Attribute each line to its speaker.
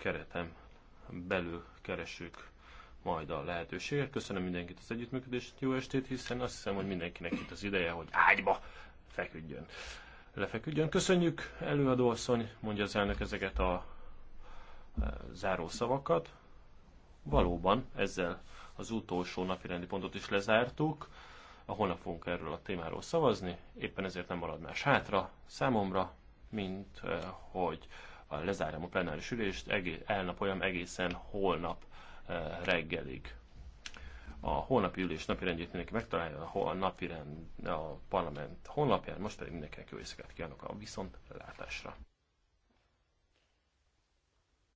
Speaker 1: keretem belül keresünk majd a lehetőséget. Köszönöm mindenkit az együttműködést, jó estét, hiszen azt hiszem, hogy mindenkinek itt az ideje, hogy ágyba feküdjön. Lefeküdjön. Köszönjük, előadóasszony, mondja az elnök ezeket a zárószavakat e, záró szavakat. Valóban ezzel az utolsó napi rendi pontot is lezártuk. A holnap fogunk erről a témáról szavazni, éppen ezért nem marad más hátra számomra, mint e, hogy lezárom a plenáris ülést, egész, elnapoljam egészen holnap eh, reggelig. A holnapi ülés napirendjét mindenki megtalálja a napirend a parlament honlapján, most pedig mindenkinek jó éjszakát kívánok a viszontlátásra.